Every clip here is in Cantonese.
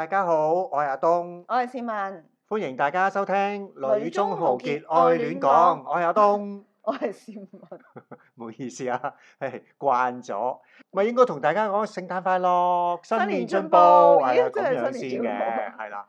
大家好，我係阿東，我係善文，歡迎大家收聽《女中豪傑愛戀講》，我係阿東，我係善文，唔好意思啊，係慣咗，咪應該同大家講聖誕快樂，新年進步，係啊咁樣先嘅，係啦，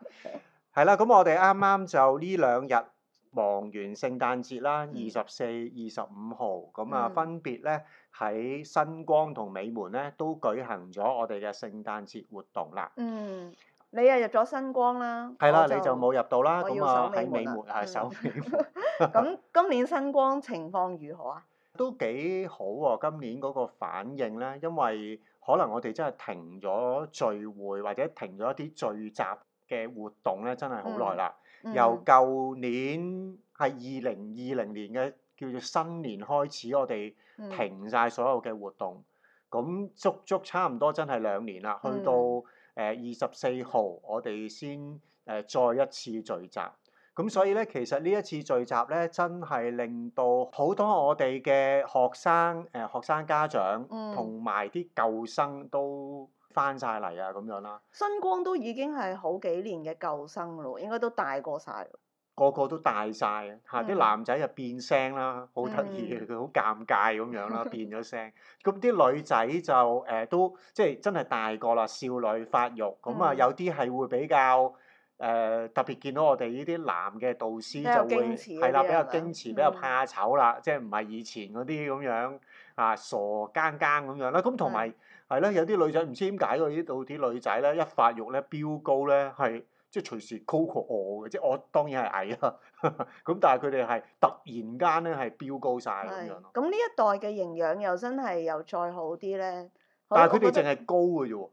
係啦，咁我哋啱啱就呢兩日忙完聖誕節啦，二十四、二十五號，咁啊分別咧喺新光同美門咧都舉行咗我哋嘅聖誕節活動啦，嗯。你又入咗新光啦，係啦的，就你就冇入到啦，咁啊喺美滿啊，手尾、嗯。咁你 今年新光情況如何啊？都幾好喎！今年嗰個反應呢，因為可能我哋真係停咗聚會或者停咗一啲聚集嘅活動呢，真係好耐啦。嗯嗯、由舊年係二零二零年嘅叫做新年開始，我哋停晒所有嘅活動，咁足足差唔多真係兩年啦，去到、嗯。誒二十四號，我哋先誒、呃、再一次聚集。咁所以咧，其實呢一次聚集咧，真係令到好多我哋嘅學生、誒、呃、學生家長，同埋啲舊生都翻晒嚟啊，咁樣啦。新光都已經係好幾年嘅舊生咯，應該都大過晒。個個都大曬吓，啲、啊、男仔就變聲啦，好得意嘅，佢好尷尬咁樣啦，嗯、變咗聲。咁啲女仔就誒、呃、都即係真係大個啦，少女發育咁啊，有啲係會比較誒、呃、特別見到我哋呢啲男嘅導師就會係啦，比較矜持，比較怕醜啦，嗯、即係唔係以前嗰啲咁樣啊，傻更更咁樣啦。咁同埋係咯，有啲女仔唔知點解嗰度啲女仔咧一發育咧飆高咧係。即係隨時高過我嘅，即係我當然係矮啦。咁但係佢哋係突然間咧係飆高晒。咁樣咯。咁呢一代嘅營養又真係又再好啲咧？但係佢哋淨係高嘅啫喎。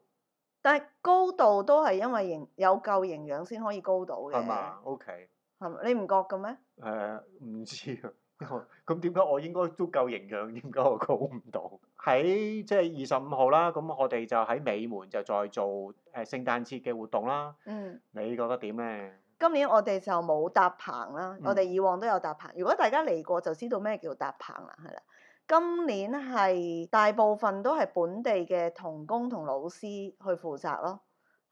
但係高度都係因為營有夠營養先可以高到嘅。係嘛？OK。係咪？你唔覺嘅咩？誒唔知啊。咁點解我應該足夠營養？點解我估唔到？喺即係二十五號啦，咁我哋就喺美門就再做誒、呃、聖誕節嘅活動啦。嗯，你覺得點咧？今年我哋就冇搭棚啦，嗯、我哋以往都有搭棚。如果大家嚟過就知道咩叫搭棚啦，係啦。今年係大部分都係本地嘅同工同老師去負責咯，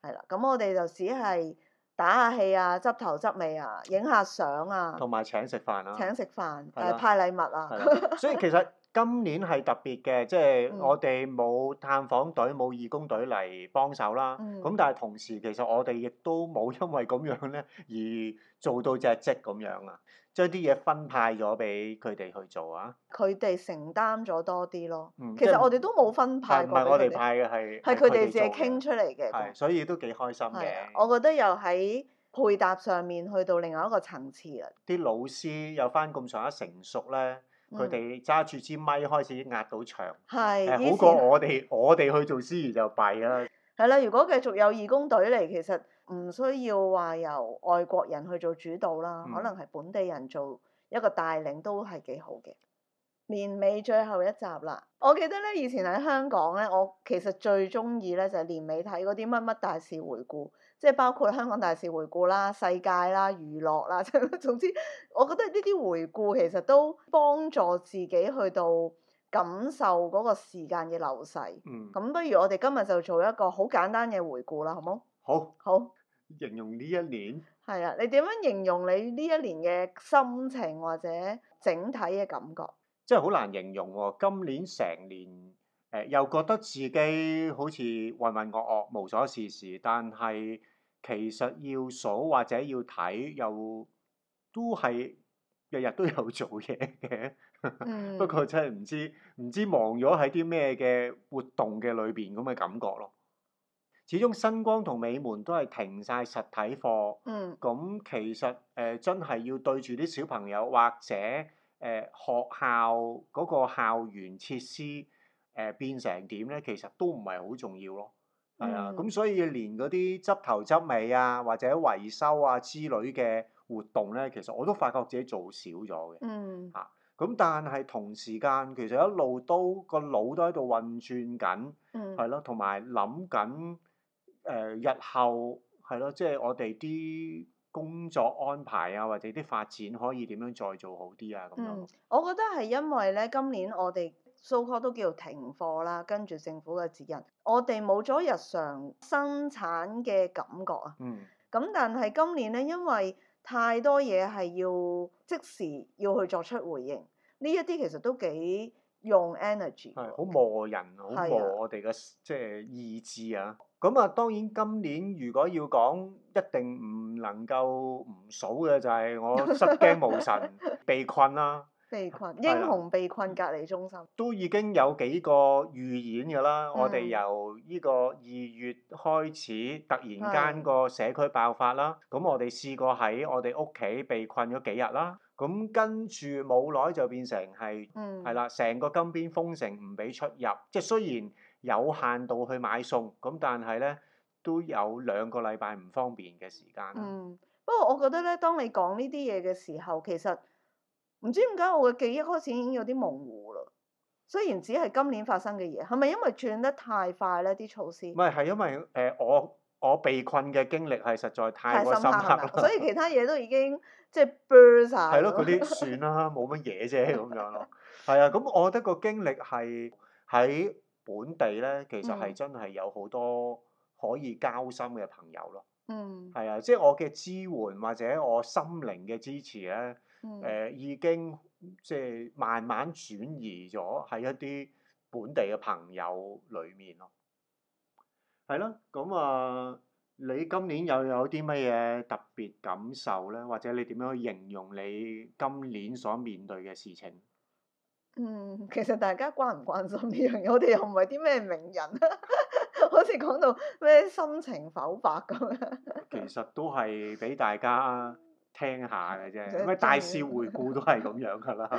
係啦。咁我哋就只係。打下氣啊，執頭執尾啊，影下相啊，同埋請食飯啊，請食飯誒、啊呃、派禮物啊，所 以、啊、其實。今年係特別嘅，即係我哋冇探訪隊、冇、嗯、義工隊嚟幫手啦。咁、嗯、但係同時，其實我哋亦都冇因為咁樣咧而做到隻職咁樣啊，將啲嘢分派咗俾佢哋去做啊。佢哋承擔咗多啲咯。嗯、其實我哋都冇分派。唔係我哋派嘅係？係佢哋自己傾出嚟嘅。係，所以都幾開心嘅。我覺得又喺配搭上面去到另外一個層次啊。啲老師又翻咁上下成熟咧。佢哋揸住支咪開始壓到場，係好過我哋，我哋去做司儀就弊啦。係啦，如果繼續有義工隊嚟，其實唔需要話由外國人去做主導啦，可能係本地人做一個帶領都係幾好嘅。嗯、年尾最後一集啦，我記得咧，以前喺香港咧，我其實最中意咧就係、是、年尾睇嗰啲乜乜大事回顧。即係包括香港大事回顧啦、世界啦、娛樂啦，總之我覺得呢啲回顧其實都幫助自己去到感受嗰個時間嘅流逝。嗯，咁不如我哋今日就做一個好簡單嘅回顧啦，好冇？好，好。形容呢一年？係啊，你點樣形容你呢一年嘅心情或者整體嘅感覺？即係好難形容喎，今年成年。呃、又覺得自己好似混混噩噩、無所事事，但係其實要數或者要睇，又都係日日都有做嘢嘅、嗯。不過真係唔知唔知忙咗喺啲咩嘅活動嘅裏邊咁嘅感覺咯。始終新光同美門都係停晒實體課，咁、嗯、其實誒、呃、真係要對住啲小朋友或者誒、呃、學校嗰個校園設施。誒、呃、變成點咧，其實都唔係好重要咯，係、嗯、啊。咁、嗯嗯嗯、所以連嗰啲執頭執尾啊，或者維修啊之類嘅活動咧，其實我都發覺自己做少咗嘅。嗯。啊，咁但係同時間其實一路都個腦都喺度運轉緊，係咯、嗯，同埋諗緊誒日後係咯，即係、啊即係、我哋啲工作安排啊，或者啲發展可以點樣再做好啲啊咁樣、嗯。我覺得係因為咧，今年我哋。蘇學都叫停課啦，跟住政府嘅指引，我哋冇咗日常生產嘅感覺啊。嗯。咁但係今年咧，因為太多嘢係要即時要去作出回應，呢一啲其實都幾用 energy。係，好磨人，好磨我哋嘅即係意志啊。咁啊，當然今年如果要講，一定唔能夠唔數嘅就係我失驚無神， 被困啦。被困英雄被困隔離中心，都已經有幾個預演㗎啦。嗯、我哋由呢個二月開始，突然間個社區爆發啦。咁是我哋試過喺我哋屋企被困咗幾日啦。咁跟住冇耐就變成係係啦，成、嗯、個金邊封城唔俾出入。即係雖然有限度去買餸，咁但係咧都有兩個禮拜唔方便嘅時間。嗯，不過我覺得咧，當你講呢啲嘢嘅時候，其實～唔知點解我嘅記憶開始已經有啲模糊啦。雖然只係今年發生嘅嘢，係咪因為轉得太快呢？啲措施唔係，係因為誒、呃，我我被困嘅經歷係實在太深刻啦。所以其他嘢都已經即係 blur 晒。係咯，嗰啲算啦，冇乜嘢啫咁樣咯。係啊， 咁我覺得個經歷係喺本地咧，其實係真係有好多可以交心嘅朋友咯。嗯，係啊，即係我嘅支援或者我心靈嘅支持咧。誒、嗯嗯、已經即係慢慢轉移咗喺一啲本地嘅朋友裏面咯，係咯，咁啊，你今年又有啲乜嘢特別感受咧？或者你點樣去形容你今年所面對嘅事情？嗯，其實大家關唔關心呢樣嘢？我哋又唔係啲咩名人， 好似講到咩心情剖白咁樣 其實都係俾大家。聽下嘅啫，咩大事回顧都係咁樣噶啦，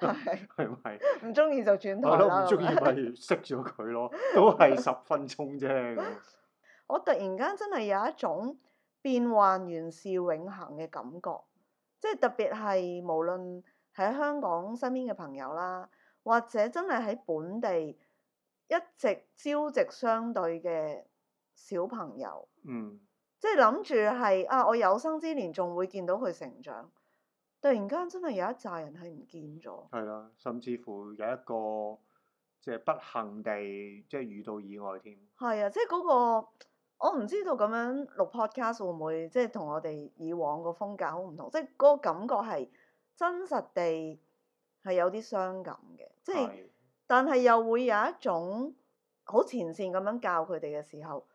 係咪 是？唔中意就轉台啦。係咯，唔中意咪熄咗佢咯，都係十分鐘啫。 我突然間真係有一種變幻原是永恆嘅感覺，即係特別係無論喺香港身邊嘅朋友啦，或者真係喺本地一直朝夕相對嘅小朋友，嗯。即係諗住係啊！我有生之年仲會見到佢成長，突然間真係有一紮人係唔見咗。係啦，甚至乎有一個即係不幸地即係遇到意外添。係啊，即係嗰個我唔知道咁樣錄 podcast 會唔會即係同我哋以往個風格好唔同，即係個感覺係真實地係有啲傷感嘅，的即係但係又會有一種好前線咁樣教佢哋嘅時候。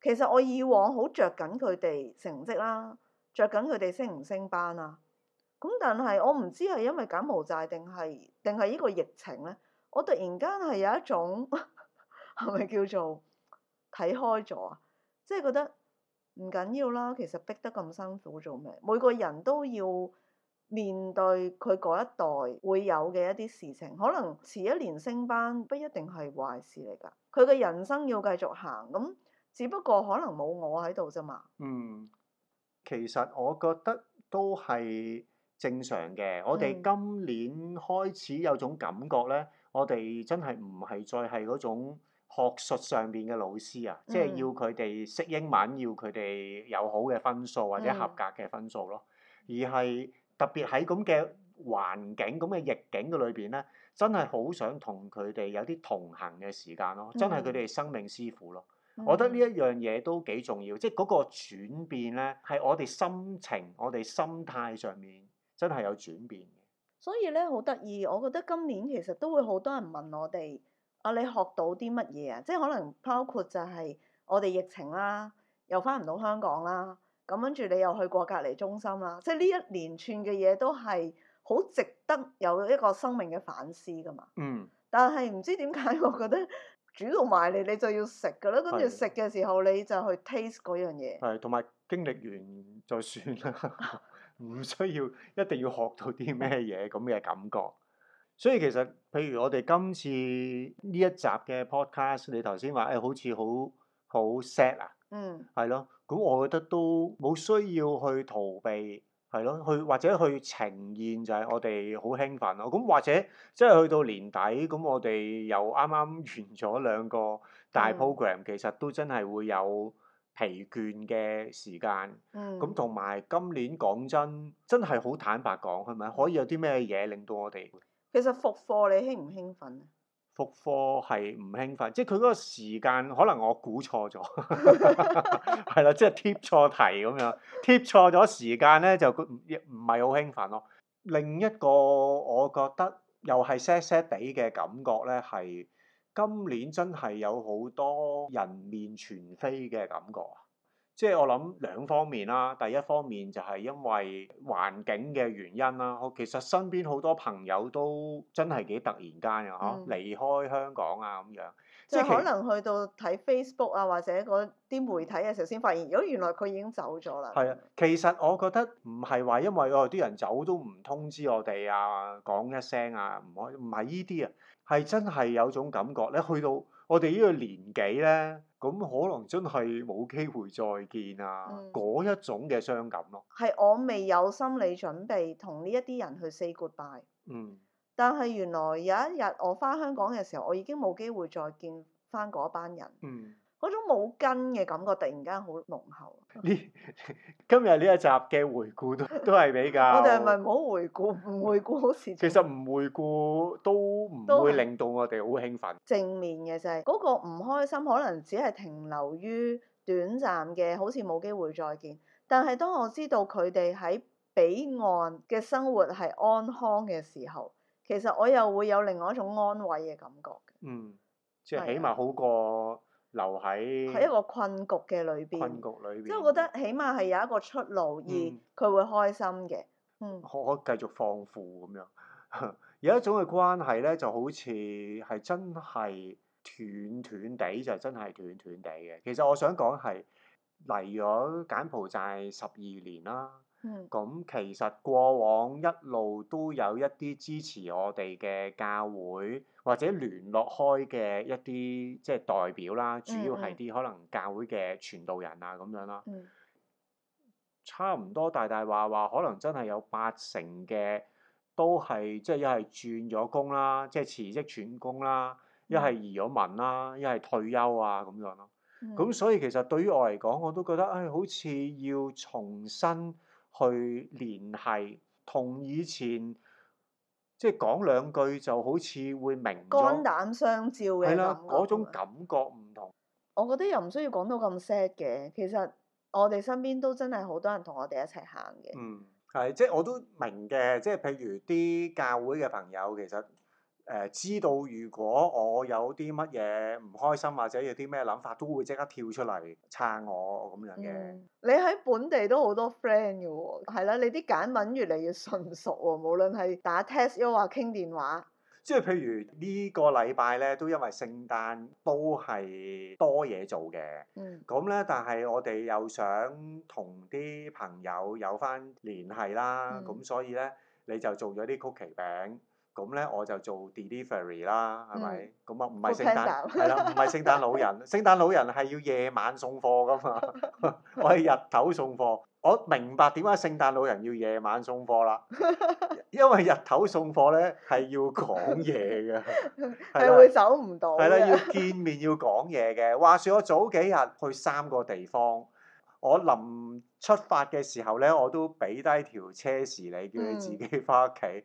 其實我以往好着緊佢哋成績啦，着緊佢哋升唔升班啊。咁但係我唔知係因為柬埔寨定係定係呢個疫情咧，我突然間係有一種係咪 叫做睇開咗啊？即係覺得唔緊要啦。其實逼得咁辛苦做咩？每個人都要面對佢嗰一代會有嘅一啲事情，可能遲一年升班不一定係壞事嚟噶。佢嘅人生要繼續行咁。只不過可能冇我喺度啫嘛。嗯，其實我覺得都係正常嘅。我哋今年開始有種感覺咧，我哋真係唔係再係嗰種學術上邊嘅老師啊，即係要佢哋識英文，要佢哋有好嘅分數或者合格嘅分數咯。而係特別喺咁嘅環境、咁嘅逆境嘅裏邊咧，真係好想同佢哋有啲同行嘅時間咯，真係佢哋生命師傅咯。我覺得呢一樣嘢都幾重要，即係嗰個轉變咧，係我哋心情、我哋心態上面真係有轉變嘅。所以咧，好得意，我覺得今年其實都會好多人問我哋：啊，你學到啲乜嘢啊？即係可能包括就係我哋疫情啦，又返唔到香港啦，咁跟住你又去過隔離中心啦，即係呢一連串嘅嘢都係好值得有一個生命嘅反思㗎嘛。嗯。但係唔知點解，我覺得。主動埋嚟，你就要食噶啦。跟住食嘅時候，的你就去 taste 嗰的樣嘢。係，同埋經歷完再算啦，唔 需要一定要學到啲咩嘢咁嘅感覺。所以其實譬如我哋今次呢一集嘅 podcast，你頭先話誒好似好好 sad 啊。嗯。係咯，咁我覺得都冇需要去逃避。係咯，去或者去呈現就係我哋好興奮咯。咁或者即係去到年底，咁我哋又啱啱完咗兩個大 program，嗯，其實都真係會有疲倦嘅時間。咁同埋今年講真，真係好坦白講，係咪可以有啲咩嘢令到我哋？其實復課你興唔興奮啊？復科係唔興奮，即係佢嗰個時間可能我估錯咗，係 啦，即係貼錯題咁樣，貼錯咗時間咧就唔唔係好興奮咯。另一個我覺得又係 sad sad 啲嘅感覺咧，係今年真係有好多人面全非嘅感覺啊！即係我諗兩方面啦，第一方面就係因為環境嘅原因啦。我其實身邊好多朋友都真係幾突然間啊，吓離開香港啊咁樣。即係可能去到睇 Facebook 啊或者嗰啲媒體嘅時候先發現，如果原來佢已經走咗啦。係啊的，的其實我覺得唔係話因為哦啲、呃、人走都唔通知我哋啊，講一聲啊，唔可唔係依啲啊，係真係有種感覺咧，去到。我哋呢個年紀呢，咁可能真係冇機會再見啊！嗰、嗯、一種嘅傷感咯，係我未有心理準備同呢一啲人去 say goodbye。嗯。但係原來有一日我返香港嘅時候，我已經冇機會再見返嗰班人。嗯。嗰種冇根嘅感覺，突然間好濃厚。呢今日呢一集嘅回顧都都係比較。 我哋係咪唔好回顧？唔回顧好似。 其實唔回顧都唔會令到我哋好興奮。正面嘅就係、是、嗰個唔開心，可能只係停留於短暫嘅，好似冇機會再見。但係當我知道佢哋喺彼岸嘅生活係安康嘅時候，其實我又會有另外一種安慰嘅感覺。嗯，即係起碼好過。留喺喺一個困局嘅裏邊，困局裏邊，即係我覺得起碼係有一個出路，而佢會開心嘅。嗯，可、嗯、繼續放負咁樣。 有一種嘅關係咧，就好似係真係斷斷地就係、真係斷斷地嘅。其實我想講係嚟咗柬埔寨十二年啦。咁、嗯、其實過往一路都有一啲支持我哋嘅教會或者聯絡開嘅一啲即係代表啦，主要係啲可能教會嘅傳道人啊咁樣啦，差唔多大大話話，可能真係有八成嘅都係即係一係轉咗工啦，即係辭職轉工啦，一係移咗民啦，一係退休啊咁樣咯。咁所以其實對於我嚟講，我都覺得唉、哎，好似要重新。去聯繫，同以前即係講兩句就好似會明肝膽相照嘅感覺。係啦，嗰種感覺唔同。我覺得又唔需要講到咁 sad 嘅，其實我哋身邊都真係好多人同我哋一齊行嘅。嗯，係，即係我都明嘅，即係譬如啲教會嘅朋友，其實。誒知道，如果我有啲乜嘢唔開心，或者有啲咩諗法，都會即刻跳出嚟撐我咁樣嘅、嗯。你喺本地都好多 friend 嘅喎，係啦，你啲簡文越嚟越純熟喎，無論係打 text 又或傾電話。即係譬如、這個、禮呢個禮拜咧，都因為聖誕都係多嘢做嘅。嗯。咁咧，但係我哋又想同啲朋友有翻聯繫啦，咁、嗯、所以咧你就做咗啲曲奇餅。咁咧我就做 delivery 啦，係咪？咁啊唔係聖誕，係啦唔係聖誕老人。 聖誕老人係要夜晚送貨噶嘛， 我係日頭送貨。我明白點解聖誕老人要夜晚送貨啦， 因為日頭送貨咧係要講嘢嘅，係 會走唔到。係啦，要見面要講嘢嘅。話説我早幾日去三個地方，我臨出發嘅時候咧，我都俾低條車匙你，叫你自己翻屋企。嗯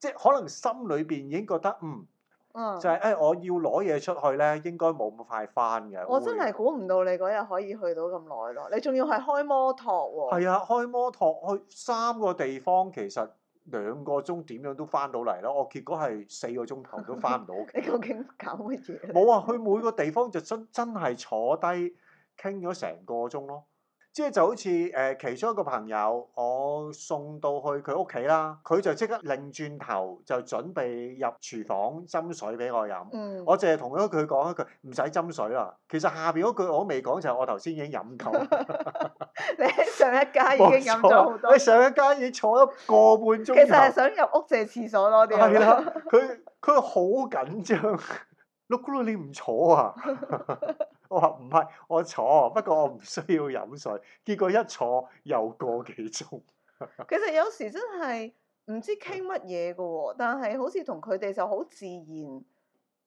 即係可能心裏邊已經覺得嗯，嗯就係、是、誒、哎、我要攞嘢出去咧，應該冇咁快翻嘅。我真係估唔到你嗰日可以去到咁耐咯，你仲要係開摩托喎、哦。係啊，開摩托去三個地方，其實兩個鐘點樣都翻到嚟咯。我結果係四個鐘頭都翻唔到屋企。你究竟搞乜嘢？冇啊，去每個地方就真真係坐低傾咗成個鐘咯。即係就好似誒、呃，其中一個朋友，我送到去佢屋企啦，佢就即刻擰轉頭就準備入廚房斟水俾我飲。嗯、我淨係同咗佢講一句，唔使斟水啦。其實下邊嗰句我未講，就係我頭先已經飲夠。你喺上一間已經飲咗好多。你上一間已，錯已經坐咗個半鐘。其實係想入屋借廁所咯，啲人。係啦、啊，佢佢好緊張，look 你唔坐啊！ 我話唔係，我坐，我不過我唔需要飲水。結果一坐又過幾鐘。 其實有時真係唔知傾乜嘢㗎喎，但係好似同佢哋就好自然，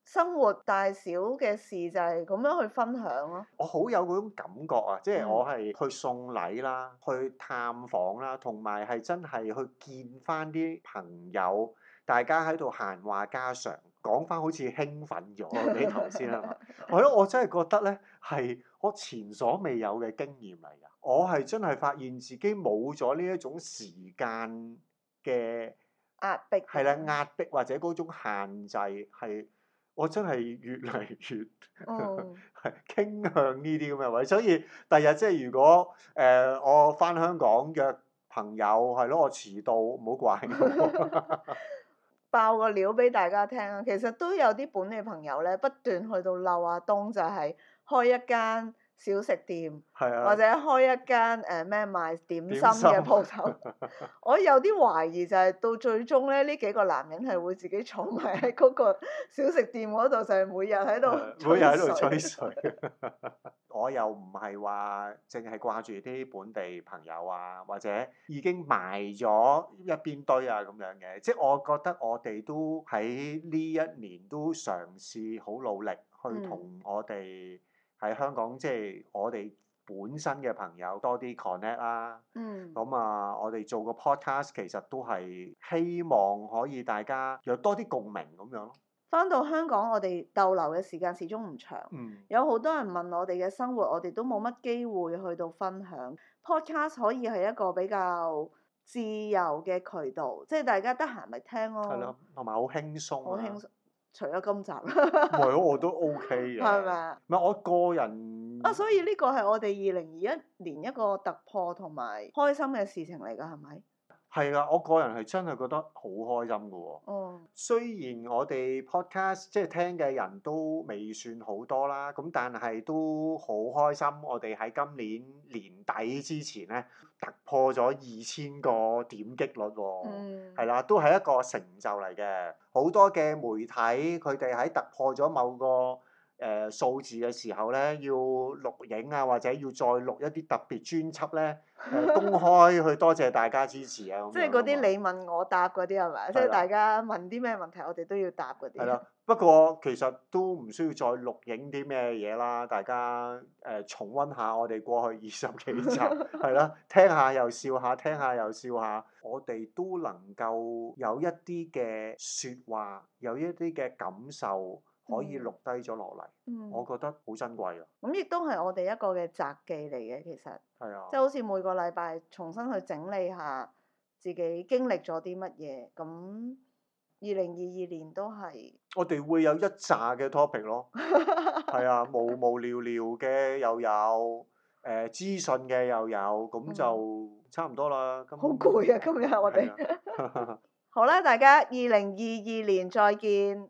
生活大小嘅事就係咁樣去分享咯。我好有嗰種感覺啊，即係我係去送禮啦，去探訪啦，同埋係真係去見翻啲朋友，大家喺度閒話家常。講翻好似興奮咗，你頭先係嘛？係咯，我真係覺得呢係我前所未有嘅經驗嚟噶。我係真係發現自己冇咗呢一種時間嘅壓迫，係啦，壓迫或者嗰種限制係，我真係越嚟越係、哦、 傾向呢啲咁嘅位。所以第日即係如果誒、呃、我翻香港約朋友係咯，我遲到唔好怪我。 爆個料俾大家聽啊！其實都有啲本地朋友咧，不斷去到撩阿、啊、東，就係、是、開一間。小食店，啊、或者開一間誒咩賣點心嘅鋪頭。 我有啲懷疑就係、是、到最終咧，呢幾個男人係會自己坐埋喺嗰個小食店嗰度，就係、是、每日喺度每日喺度吹水。 吹水 我又唔係話淨係掛住啲本地朋友啊，或者已經埋咗一邊堆啊咁樣嘅。即係我覺得我哋都喺呢一年都嘗試好努力去同我哋、嗯。喺香港，即係我哋本身嘅朋友多啲 connect 啦、啊。嗯。咁啊，我哋做個 podcast 其實都係希望可以大家有多啲共鳴咁樣咯。返到香港，我哋逗留嘅時間始終唔長。嗯。有好多人問我哋嘅生活，我哋都冇乜機會去到分享。podcast 可以係一個比較自由嘅渠道，即係大家得閒咪聽咯。係咯。同埋好輕鬆。好輕鬆。除咗今集，唔係我都 OK 嘅，係咪？唔係我個人，啊，所以呢個係我哋二零二一年一個突破同埋開心嘅事情嚟㗎，係咪？係啦，我個人係真係覺得好開心嘅喎、哦。哦、雖然我哋 podcast 即係聽嘅人都未算好多啦，咁但係都好開心。我哋喺今年年底之前咧突破咗二千個點擊率、哦，係啦、嗯，都係一個成就嚟嘅。好多嘅媒體佢哋喺突破咗某個，誒、呃、數字嘅時候呢，要錄影啊，或者要再錄一啲特別專輯呢，呃、公開去多謝大家支持啊！即係嗰啲你問我答嗰啲係咪？即係是的 的大家問啲咩問題，我哋都要答嗰啲的。係啦的，不過其實都唔需要再錄影啲咩嘢啦。大家誒、呃、重溫下我哋過去二十幾集，係啦， 聽下又笑下，聽下又笑下，我哋都能夠有一啲嘅説話，有一啲嘅感受。可以錄低咗落嚟，嗯、我覺得好珍貴啊。咁亦都係我哋一個嘅雜記嚟嘅，其實。係啊。即係好似每個禮拜重新去整理下自己經歷咗啲乜嘢，咁二零二二年都係。我哋會有一紮嘅 topic 咯。係 啊，無無聊聊嘅又有，誒資訊嘅又有，咁就差唔多啦。咁好攰、嗯、根本 啊！今日我哋。是啊、 好啦，大家二零二二年再見。